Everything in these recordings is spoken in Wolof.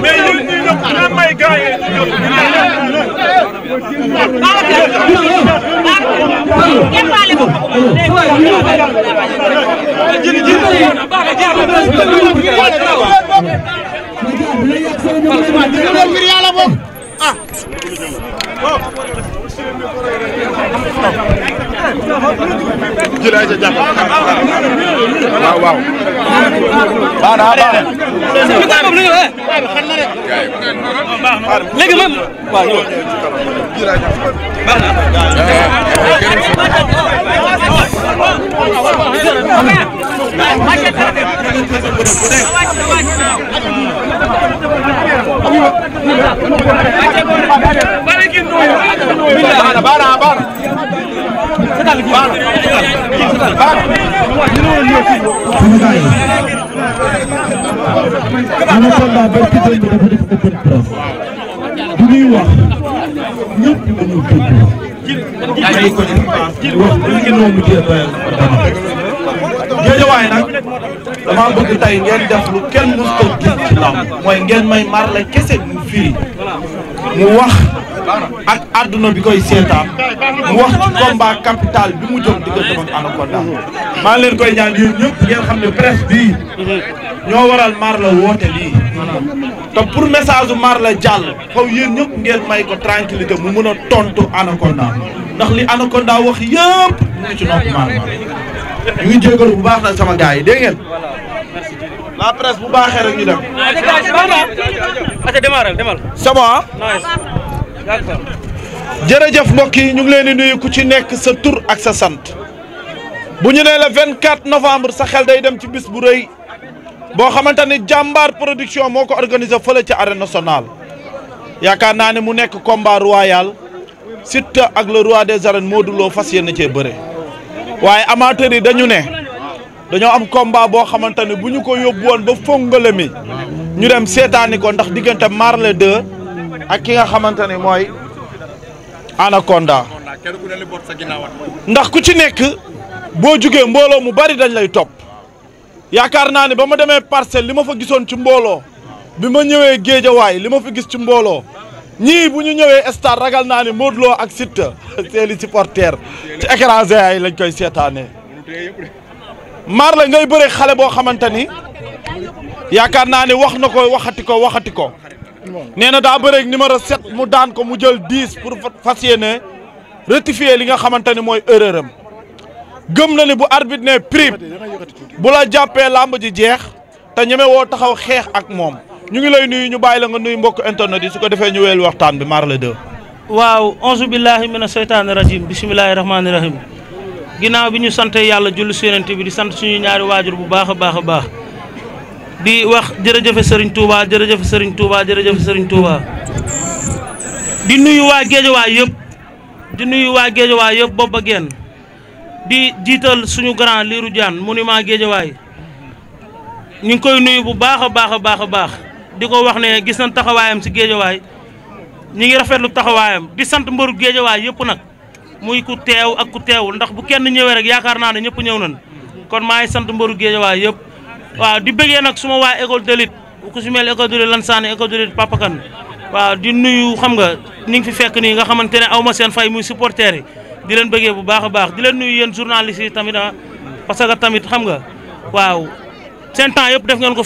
mais ñun ñu ñëpp na may gars yi ñu ñëpp ah jëlaat ja jàppale. na baax na. léegi na. baax na. Anaconda ba ci démb dafa def open press bu ñuy wax ñëpp dañuy dégg wax li a may nag dama bëgg tey ngeen def lu kenn mës ko gis ci làmb mooy ngeen may kese mu firi mu wax ak àdduna bi koy seetaan mu wax ci combat capital bi mu jëm diggante ak Anaconda maa leen koy ñaan yéen ñëpp ngeen xam ne presse bii ñoo waral Marley woote lii te pour message u Marley jàll faw yéen ñëpp ngeen may ko tranquillité mu mën a tontu Anaconda ndax li Anaconda wax yëpp mu ngi ci nopp Marley ñu ngi jégalu bu baax sama gars yi dégg ngeen la presse bu baaxee rek ñu dem c'est bon jërëjëf mbokk yi ñu ngi leen di nuyu ku ci nekk sa tur ak sa sant bu ñu nee 24 novembre sa xel day dem ci bis bu rëy boo xamante ni jàmbaar production moo ko organisé ci arène nationale yaakaar naa ne mu nekk combat royal Siteu ak le roi des arènes Modou fas yéene cee bëre waaye amateur yi dañu ne dañoo am combat boo xamante ne bu ñu ko yóbbu woon ba fongale mi ñu dem seetaani ko ndax diggante maar 2 ak ki nga xamante ne mooy Anaconda ndax ku ci nekk boo jugee mbooloo mu bari dañ lay topp yaakaar naa ne ba ma demee parcelle li ma fa gisoon ci mbooloo bi ma ñëwee géejawaay li ma fa gis ci mbooloo ñii bu ñu ñëwee stade ragal naa ne Modou ak Siteu seeli supporter ci écran géant yi lañ koy seetaane maar la ngay bëre xale boo xamante ni yaakaar naa ne wax na ko waxati ko waxati ko nee na daa bëreeg numéro 7 mu daan ko mu jël 10 pour fas yéene rectifier li nga xamante ni mooy erreur am gëm na ni bu arbitre ne prime bu la jàppee làmb ji jeex te ñeme woo taxaw xeex ak moom ñu ngi lay nuyu ñu bàyyi la nga nuyu mbokk internet yi su ko defee ñu weel waxtaan bi maar la deux waaw onze billahi mina seytaani rajim bismillahi rahmaani rahim ginaaw bi ñu sante yàlla julli si bi di sant suñu ñaari waajur bu baax a baax a baax di wax jërëjëfe sëriñ Touba jërëjëf sëriñ Touba jërëjëf sëriñ Touba di nuyu waa géejawaay yëpp di nuyu waa géejawaay yëpp bopp di jiital suñu grand liiru diane monument géejawaay ñu ngi koy nuyu bu baax a baax baax diko wax ne gis nañ ci si way ñi ngi rafetlu taxawayam di sant mbëru way yëpp nak muy ku tew ak ku tew ndax bu kenn ñëwee rek yaakar na ne ñëpp ñëw nañ kon maa ngi way waaw di bëggé nak suma wa école de ku si mel école de Lansane école de lutte waaw di nuyu xam nga ñi ngi fi fekk ni nga xamantene awma seen fay muy supporter yi di leen bëggé bu baaxa baax di leen nuyu yeen journaliste yi tamit ah, parce que tamit xam nga waaw sen temps def ngeen ko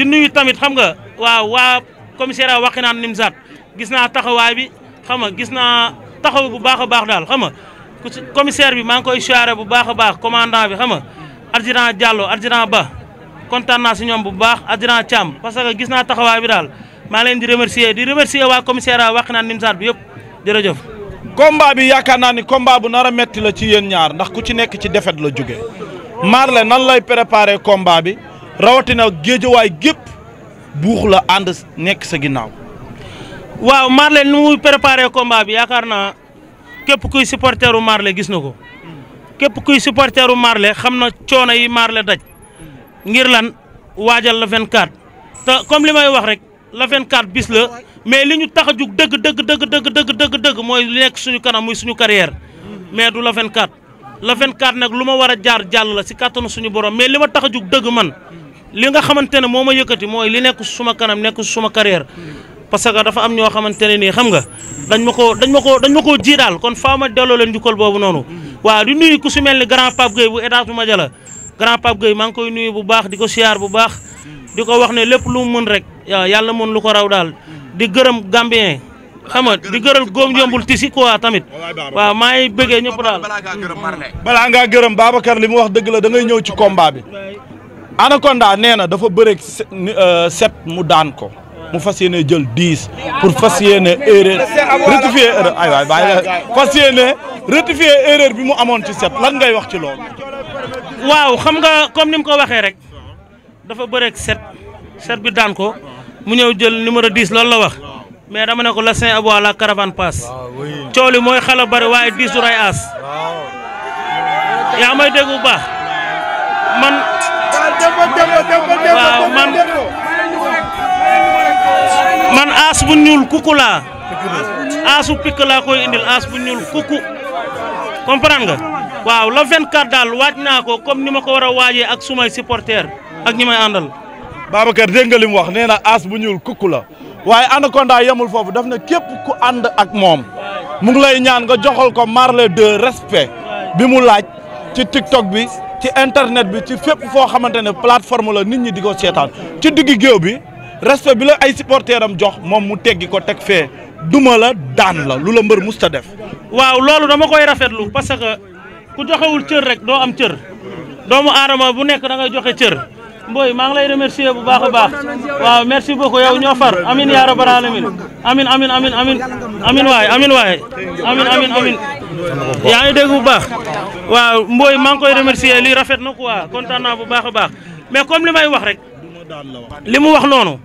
di nuyu tamit xam nga waaw waa commissaire a waqi naan nimsaat gis naa taxawaay bi xam nga gis naa taxaw bu baax a baax daal xam nga commissaire bi maa ngi koy siyaare bu baax a baax commandant bi xam nga adjudant Diallo adjudant Ba kontaan naa si ñoom bu baax adjudant Thiam parce que gis naa taxawaay bi daal maa leen di remercier di remercier waa commissaire a waqi naan nimsaat bi yëpp jërëjëf combat bi yaakaar naa ni combat bu nar a metti la ci yéen ñaar ndax ku ci nekk ci défaite la jóge Marley nan lay préparer combat bi rawatina géejawaay gépp buux la ànd nekk sa ginnaaw. waaw Marley nu muy préparé combat bi yaakaar naa képp kuy supporteru Marley gis na ko képp kuy supporteru Marley xam na coono yi Marley daj ngir lan waajal la 24 te comme li may wax rek la 24 bis la mais li ñu tax a jug dëgg dëgg dëgg dëgg dëgg dëgg mooy li nekk suñu kanam muy suñu carrière mais du la 24 la 24 nag lu ma war a jaar jàll la si kàttanu suñu borom mais li ma tax a jug dëgg man. li nga xamantene moma yëkëti moy li nekk suma kanam nekk suma carrière parce que dafa am ño xamantene ni xam nga dañ mako ko dañ mako ko dañ mako koo ji daal kon faama delo delloo leen njukkal di nuyu ku su melni grand pape Gueye bu état du jala grand pape Gueye ini ngi koy nuyu bu baax di siar bu baax di wax ne lepp lu mën rek yalla mën lu ko raw dal di gëreum gambien xam nga di gëreul gom yombul tisi quoi tamit wa may ngi bëggee ñëpp daal balaa ngaa gërëm Babacar wax deug la da ngay ñëw ci combat bi Anaconda nee na dafa bëre set euh, mu daan ko mu fas yéene jël dix pour fas yéene erreur rectifier erreur ay waay bi mu amoon ci sept lan ngay wax ci lool waaw xam nga comme ni mu ko waxee rek dafa bëreeg sept sept bi ko mu ñëw jël numéro dix loolu la wax mais dama ne ko la Saint Aboua la caravane passe ah, coow li mooy xala bari waaye dix du ray aas yaa may dégg bu man. waaw man man aas bu ñuul kuku laa. aasu pikk laa koy indil aas bu ñuul kuku comprendre waaw la 24 daal waaj naa ko comme ni ma ko war a waajee ak sumay supporter ak ñi may àndal. Babacar dégg li mu wax nee na aas bu ñuul kuku la waaye Anaconda yamul foofu daf na képp ku ànd ak moom mu ngi lay ñaan nga joxal ko Marley de respect bi mu laaj ci TikTok bi. ci internet bi ci fépp foo xamante ne plateforme la nit ñi di ko seetaan ci diggu géew bi respect bi la ay supporter am jox moom mu teggi ko teg fee duma la daan la lu la mbër musta def. waaw loolu dama koy rafetlu parce que ku joxewul cër rek doo am cër doomu aadama bu nekk da ngay joxe cër. Mboy maa ngi lay remercier bu baax a baax waaw merci beaucoup yow ñoo far amin yaa rabbal alamin amin amin amin amin waay amin waay amin amin yaa ngi dégg bu baax waaw Mboy maa ngi koy remercier li rafet na quoi kontaana bu baax a baax mais comme li may wax rek li mu wax noonu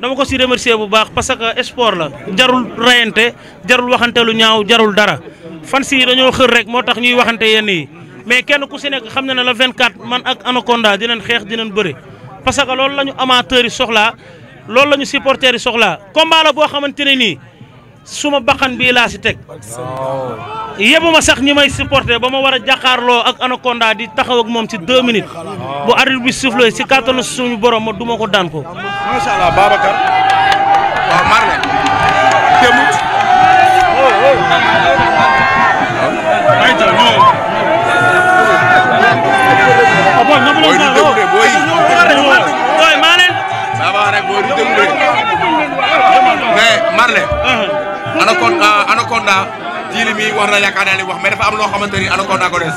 dama ko si remercier bu baax parce que sport la jarul rayante jarul waxante lu ñaaw jarul dara fan si dañoo xër rek moo tax ñuy waxante yenn yi mais kenn ku si nekk xam na ne la 24 man ak Anaconda dinañ xeex dinañ bëre parce que loolu la ñu amateurs yi soxlaa loolu la ñu supporters yi soxlaa combat boo xamante ne nii suma baxan bii laa si teg. yebuma sax ñi may supporter ba ma war a jàkkaarloo ak Anaconda di taxaw ak moom ci 2 minutes bu arbitre bi soufflé si kattanu suñu borom ma duma ko daan ko. macha allah Babacar waaw Marley temut. booy du déglu de booy. ça va rek booy wax na yaakaar naa li wax mais dafa am loo xamante ni Anaconda ko des.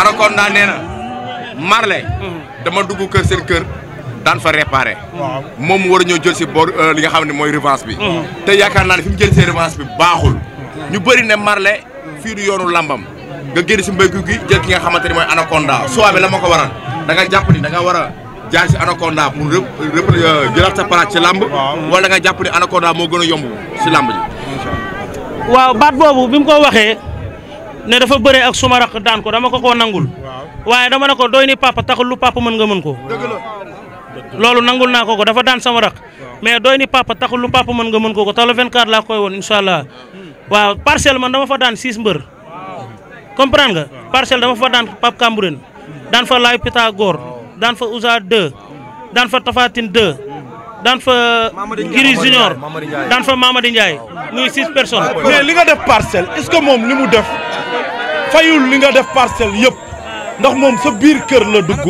Anaconda nee dama dugg kër seen kër. daan fa réparé. moom mu war a jël si bor li nga xam ne mooy revanche bi. te yaakaar naa ne fi mu jël si revanche bi baaxul. ñu bëri ne Marley fii du yoonu làmbam nga génn si mbéyku gi jël ki nga xamante ni mooy anaconda soit bi la ma ko waral da nga jàpp ni da nga war a jaar si anaconda pour rep rep eh, jëlaat sa place ci lamb wala nga jàpp ni anaconda moo gën a yomb si lamb ji waaw baat boobu bi mu ko waxee ne dafa bëree ak suma rakk daan ko dama ko koo nangul waaye dama ne ko doy ni papa taxul lu papa mën nga mën ko loolu nangul naa ko ko dafa daan sama rakk mais doy ni papa taxul lu papa mën nga mën ko ko te le 24 laa koy woon incha allah hmm. waaw parcelle man dama fa daan 6 mbër comprendre nga parcelle dama fa daan Pape Cambouren daan fa Laay Pythagore dan fa Ousa 2 daan fa Tafatine 2 daan fa Giri Junior daan fa Mamadi muy six personnes li nga def parcelle est-ce que moom li mu def fayul li nga def parcelle yëpp ndax moom sa biir kër la dugg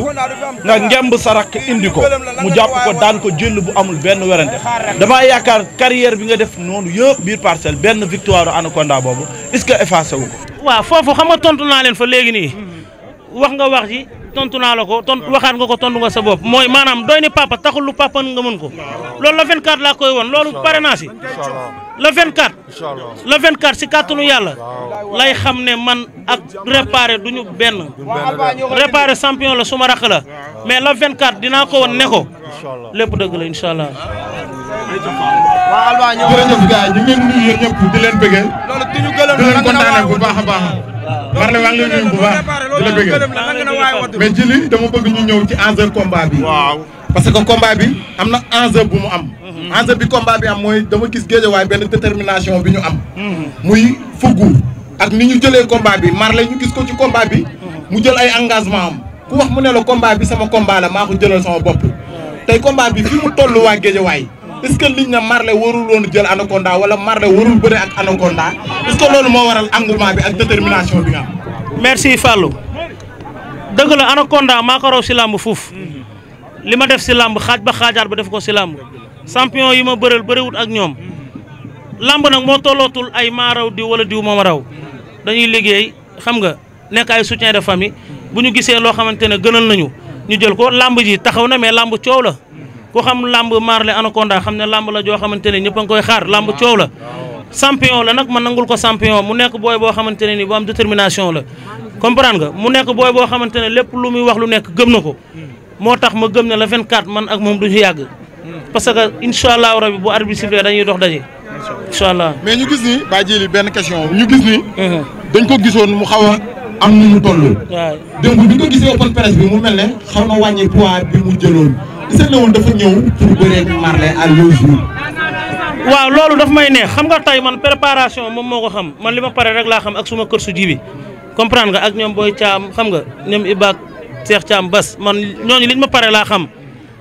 nga ngemb sa rakk indi ko mu jàpp ko daan ko jël bu amul benn werante damaa yaakaar carrière bi nga def noonu yëpp biir parcelle benn victoire Anaconda boobu est-ce que effacé wu ko. waaw foofu xam nga tontu naa leen fa léegi nii wax nga wax ji tontu naa la ko tontu waxaat nga ko tontu nga sa bopp mooy maanaam doy ni papa taxul lu papa nga mën ko loolu la 24 laa koy woon loolu pare naa si. le 24. le 24 si kàttanu yàlla. lay xam ne man ak réparé du ñu benn. réparé champion la suma rakk la mais la 24 dinaa ko ne ko. lépp dëgg la incha allah. waaw Alba yi ñu ngi nuyu yéen ñëpp di leen bëggee. di leen kontaanee bu baax a baax. Marley maa ngi lay nuyu bu baax di la bëggee. mais Djily dama bëgg ñu ñëw ci enjeu combat bi. parce que combat bi am na enjeu bu mu am. Mhm. enjeu bi combat bi am mooy dama gis géejawaay benn détermination bi ñu am. Mhm. muy fuggu. ak ni ñu jëlee combat bi Marley ñu gis ko ci kombaa bi mu jël ay engagement am ku wax mu ne la combat bi sama combat la maa ko jëlal sama bopp tey combat bi fi mu toll waa Géejawaay est-ce que liñ na Marley warul jël Anaconda wala Marley warul bëre ak Anaconda est loolu moo waral engouement bi ak détermination bi nga am merci Fallou dëgg la Anaconda maa ko raw si làmb fuuf li ma def si làmb xaaj ba xaajaat ba def ko si làmb champion yi ma bëreel bëriwut ak ñoom làmb moo tollootul ay maa raw wala diw mooma dañuy liggéey xam nga nekk ay soutien de famille bu ñu gisee loo xamante ne gënal nañu ñu jël ko làmb ji taxaw na mais làmb coow la ku xam làmb Marley Anaconda xam ne làmb la joo xamante ne ñëpp a ngi koy xaar làmb coow la champion la nag man nangul ko champion mu nekk booy boo xamante ne ni bu am détermination la comprendre nga mu nekk booy boo xamante ne lépp lu muy wax lu nekk gëm na ko moo tax ma gëm ne la 24 man ak moom du ñu yàgg hmm. parce que incha allahu rabi bu arbitre sifflé dox daje incha allah mais ñu gis ni baa jili benn question ñu gis ni. Mhm. dañ ko gisoon mu xaw a am nu mu toll. waaw démb bi ko gisee open presse bi mu mel ne xaw na wàññi poids bi mu jëloon gis na woon dafa ñëw pour bëree Marley à deux waaw loolu daf may neex xam nga tay man préparation moom moo ko xam man li ma pare rek laa xam ak suma kër su ji bi comprendre nga ak ñoom booy caam xam nga ñoom Ibaak Seex Caam Bas man ñooñu liñ ma pare laa xam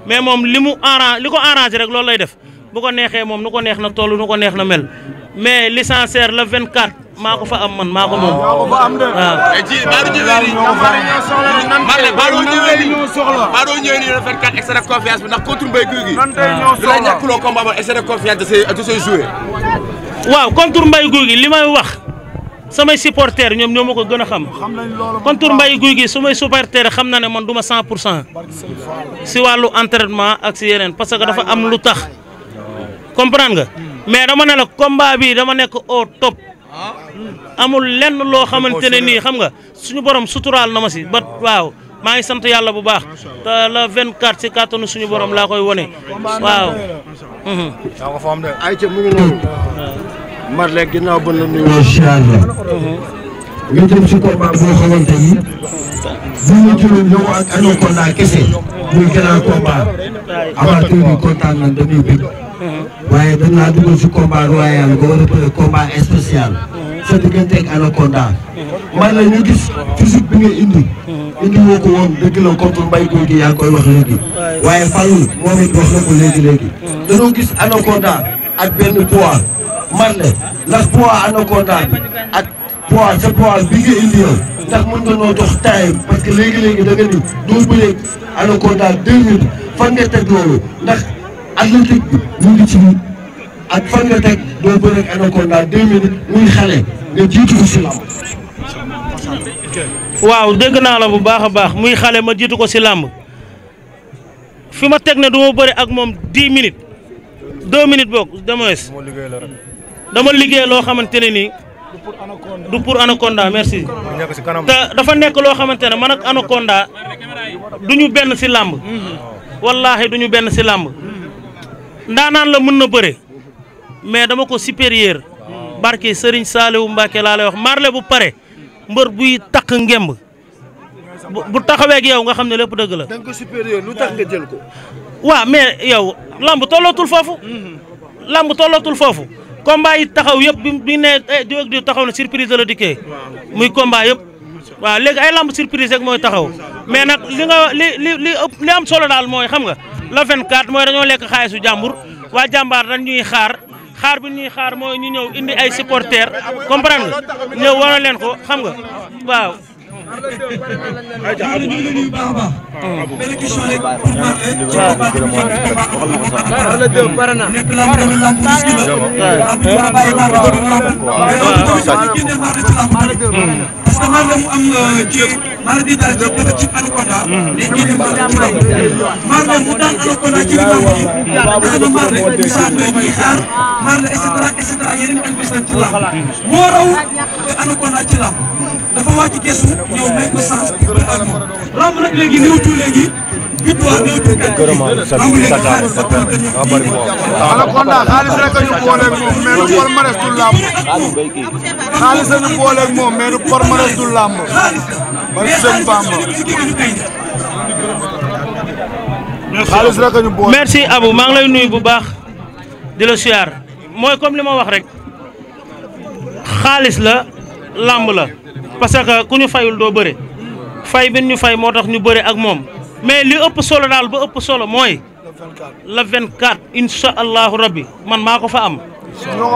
mais moom li mu arrangé li ko arrangé rek loolu lay def. bu ko neexee moom nu ko neex na toll nu ko neex na mel mais licenciaire la 24 maa ko fa am man maa ko moom. waaw mais ji Badou Ndiéli. Badou Ndiéli la 24 excès de confiance bi ndax contre mbay guy gi. waaw bi la ñàkkuloo combat ba excès de confiance da say da say joué. waaw contre mbay guy gi li may wax. samay supporters ñoom ñoo ma ko gën a xam kontur mbay guy gi su may supporters xam na ne man du ma cent pour cent si wàllu entraînement ak si yeneen parce que dafa am lu tax comprendre nga hmm. mais dama ne la combat bi dama nek au top ah. hmm. amul lenn lo xamantene ni xam nga suñu borom sutural na ma ci ba ah. waw ma ngi sante yalla bu baax ta la 24 ci carton suñu borom la koy woné waw hmm. de ay mu ngi mar léegi ginnaaw ba nuyu. ni bu kese muy combat waaye dañ laa dugal si combat royal nga war a bëre combat spécial sa diggante ak Anaconda ñu gis physique bi nga indi indi woo ko woon dëgg la contre mbay góor gi yaa koy wax léegi waaye Fallou moom it wax na ko léegi léegi dañoo gis Anaconda ak benn poids man la fan nga teg loolu ndax Atlantique bi mu ngi ci biir ak fan nga teg doo bëre ak Anaconda deux minutes muy xale nga jiitu ko si làmb. waaw dégg naa la bu baax a baax muy xale ma jiitu ko si làmb fi ma teg ne du ma bëri ak moom dix minutes deux minutes boog dama wees dama liggéey loo xamante ne du pour Anaconda merci te dafa nekk loo xamante man ak Anaconda du ñu benn si làmb mm-hmm. wallaahi du ñu benn ndaanaan la mën na bëre mais dama ko supérieur barke Serigne Saliou Mbacke laa lay wax marle bu pare mbër buy takk ngemb bu taxawee ak yow nga xam ne lépp dëgg la. da nga ko supérieur jël ko. waaw mais yow lamb tollootul foofu. lamb tollootul foofu. combat yi taxaw yëpp bi bi ne eh, diw diw taxaw na surprise la dikkee muy combat yëpp waa léegi ay lamb surprise rek mooy taxaw mais nag li nga li li li ëpp li am solo daal mooy xam nga. le 24 mooy dañoo lekk xaalisu jàmbur waa jàmbaar dañ ñuy xaar xaar bi ñuy xaar mooy ñu ñëw indi ay supporters comprendre nga ñëw waral leen ko xam nga a mardi daal di ci anaconda. nit a mën a ci la dafa wàcc gesu ñëw may ko sens pour mu àgg moom. lamb léegi néew tuuti léegi. victoire néew tuuti ak kii lamb léegi xaalis a ñu moom mais du palmarès du lamb. xaalis ba sëñ Bamba. xaalis ñu boole. merci Abou maa lay nuyu bu baax di la siyaar mooy comme li ma wax rek xaalis la làmb la parce que ku ñu fayul doo bëre fay bin ñu fay moo tax ñu bëre ak moom mais li ëpp solo daal ba ëpp solo mooy. la 24 incha allahu rabbi man maa ko fa am.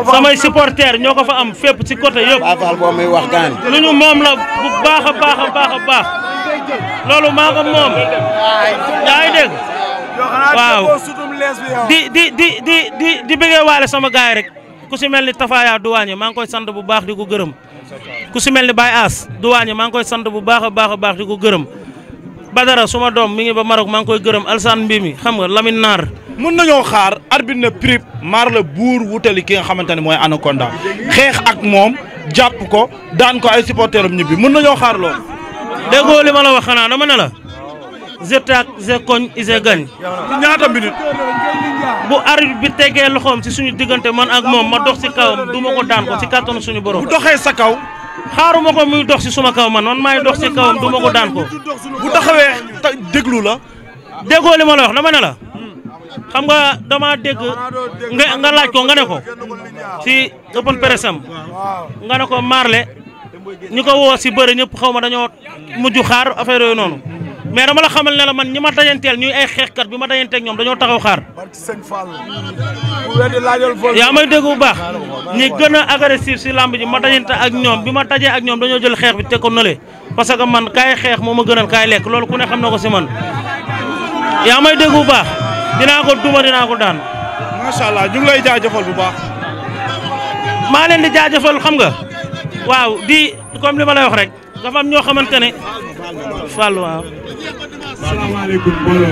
samay supporter ñoko fa am fépp ci côté yépp Baay Faal boo muy wax gaan. lu ñu la bu baax a baax a baax a baax loolu maa ko waaw di di di di di di bëggé walé sama gaay rek ku ci melni Tafaya Douane maa koy sant bu baax di ko gërëm ku ci melni bay Baye As Douane maa koy sant bu baaxa a baax a di ko gërëm Badara suma dom mi ngi ba marok maa ngi koy gëreum alsan Mbimi xam nga Lamine nar mën nañoo xaar arbitre na prip maar la buur wutali ki nga xamante ne mooy Anaconda xeex ak moom jàpp ko daan ko ay supporteram ñibbi mën nañoo xaar loolu. déggoo li ma la wax xanaa dama ne la. je taag je koñ je gañ. ñaata minute. bu arbitre bi tegee loxoom ci suñu diggante man ak moom ma dox ci du ma ko daan ko ci kàttanu suñu borom. bu doxee sa kaw. xaaruma ko muy dox ci suma kaw man man maay dox ci kawam du ma ko daan ko. bu taxawee déglu la. déggoo ma la wax dama ne la. xam nga dama dégg nga nga laaj ko nga ne ko ci open press nga ne ko marlé ñu ko woo si bëri ñëpp xaw ma dañoo mujj xaar affaire yooyu noonu mais dama la xamal ne la man ñi ma dajanteel ñuy ay xeexkat bi ma ak ñoom dañoo taxaw xaar. yaa may dégg bu baax ñi gën a agressif si lamb ji ma dajante ak ñoom bi ma tajee ak ñoom dañoo jël xeex bi teg ko nële parce que man kaay xeex moo ma gënal kaay lekk loolu ku ne xam na ko si man yaa may dégg bu baax. dinaa ko duma dinaa ko daan. macha allah ñu ngi lay bu baax. maa leen di jaajëfal xam nga. waaw di comme li ma lay wax rek. dafa am ñoo xamante ne. Fall waaw. salaamaaleykum mbooloo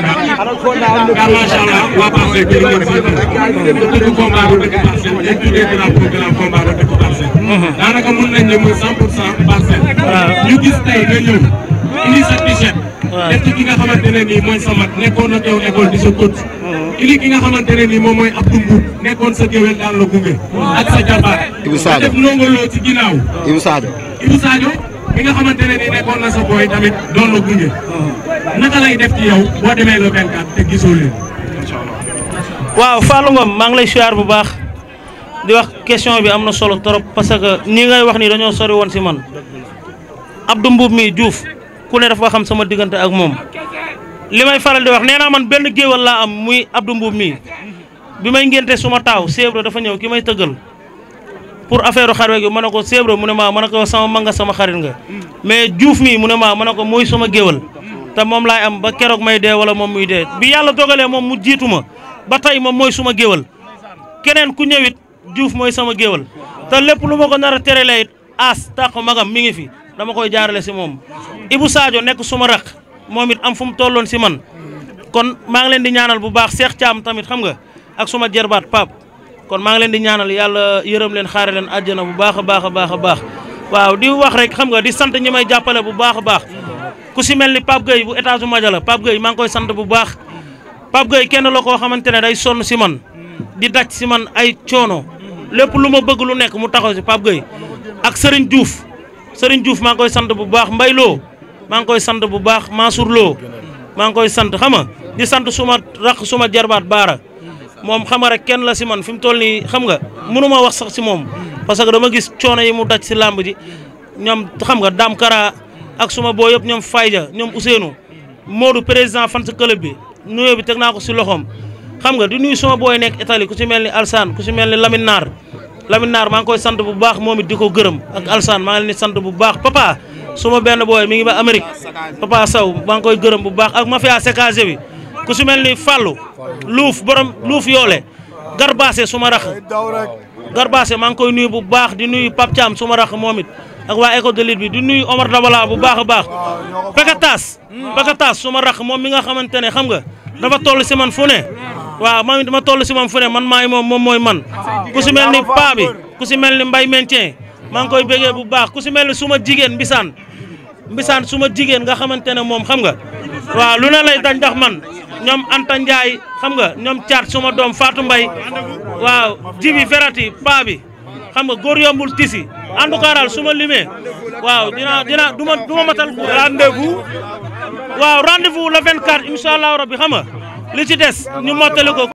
daa macha allah waa Parcelles kër Ngor fii ku tudd combat bi dëkk Parcelles dañ tuddee grand programme combat bi dëkk Parcelles. daanaka mën nañ ne muy 100 pour 100 Parcelles. ñu gis tey nga ñëw indi sa t-shirt. def ci ki nga xamante ne nii mooy sa mag nekkoon ak yow école di sa coach. ili ki nga xamante ne nii moom mooy a Mbour nekkoon sa géwél daan a gunge. ak sa jabar. Ibou Sadio def ndongoloo ci ginnaaw. Ibou Sadio Ibou Sadio. ki nga xamante ne nii nekkoon na sa booy tamit doon la gunge. naka lay def ci yow boo demee le 24 te gisoo waaw Fallou Ngom maa lay siyaar bu baax di wax question bi am solo Torop parce que nii ngay wax nii dañoo sori woon si man Abdou Mboub mi Diouf ku ne dafa xam sama diggante ak moom li may faral di wax nee naa man benn géwal laa am muy Abdou Mboub mi bi may ngénte suma taaw Sèvres dafa ñëw ki may tëggal pour affaire xarwe gi ma ne ko ma ne sama manga sama xarit nga mais Diouf mi mu ne ma ne ko mooy sama géwal te moom laay am ba keroog may dee wala moom muy dee moom mu jiitu ma ba tey moom mooy suma géwal keneen ku ñëwit Diouf mooy sama géwal ta lépp lu ma ko nar a terelee it as tàq magam mi ngi fi dama koy jaarale si moom Ibou Sadio nekk suma raq moom it am fu mu tolloon si man kon maa ngi leen di ñaanal bu baax Cheikh Thiam tamit xam nga ak suma jerbaat Pape kon maa ngi leen di ñaanal yàlla yërëm leen xaare leen àjjana bu baax a baax a baax a baax waaw di wax rek xam nga di sant ñi may jàppale bu baax a baax ku si mel ni Pape Gueye bu étage bu Madia la Pape sant bu baax Pape Gueye kenn la koo xamante ne day sonn si man di daj si man ay coono lépp lu ma bëgg lu nekk mu taxaw si Pape Gueye ak Serigne Diouf sëriñ Diouf maa ngi koy sant bu baax Mbaye Lo maa ngi koy sant bu baax Mansour loo maa ngi koy sant xam nga di sant suma rakk suma jarbaat baara moom xam nga rek kenn la si man fi mu toll nii xam nga mënuma wax sax si moom parce que gis coono yi mu daj si làmb ji ñoom xam nga daam kara ak suma boo yëpp ñoom Fayda ñoom Ousseynou Modou président fan club bi nuyoo bi teg naa ko si loxoom xam nga di nuyu suma booy nekk Italie ku si mel ni Alsaan ku si mel ni Lamine Naar Lamine maa ngi koy sant bu baax moom di ko gërëm ak Alsaan maa ni leen sant bu baax papa suma benn booy mi ngi ba Amérique papa saw maa ngi koy gërëm bu baax ak mafia sécage bi ku si mel ni Fallou Luuf borom Luuf yoole Garbaase suma rax Garbaase maa ngi koy nuy bu baax di nuyu Pape Thiam suma rax moom it ak wa eco de bi di nuyu Omar Dabala bu baakha baax. pakatas pakatas suma ma rax mi nga xamantene ne xam nga dafa tollu ci man fune wa waaw man dama tollu ci man fune man may mom mom moy man ku ci melni pa bi ku ci melni mbay maintien mang koy bege bu baax ku ci melni suma jigen mbisaan mbisaan suma jigen nga xamantene ne xam nga wa lu na lay dañ dox man ñom Anta Ndiaye xam nga ñom tiar suma dom Fatou Mbay waaw jibi ferati pa bi xam nga gor yombul tisi en tout cas daal su ma limee waaw dina dina du ma du matal rendez waaw rendez-vous le 24 incha allah rabbi xam nga li ci des ñu mottali ko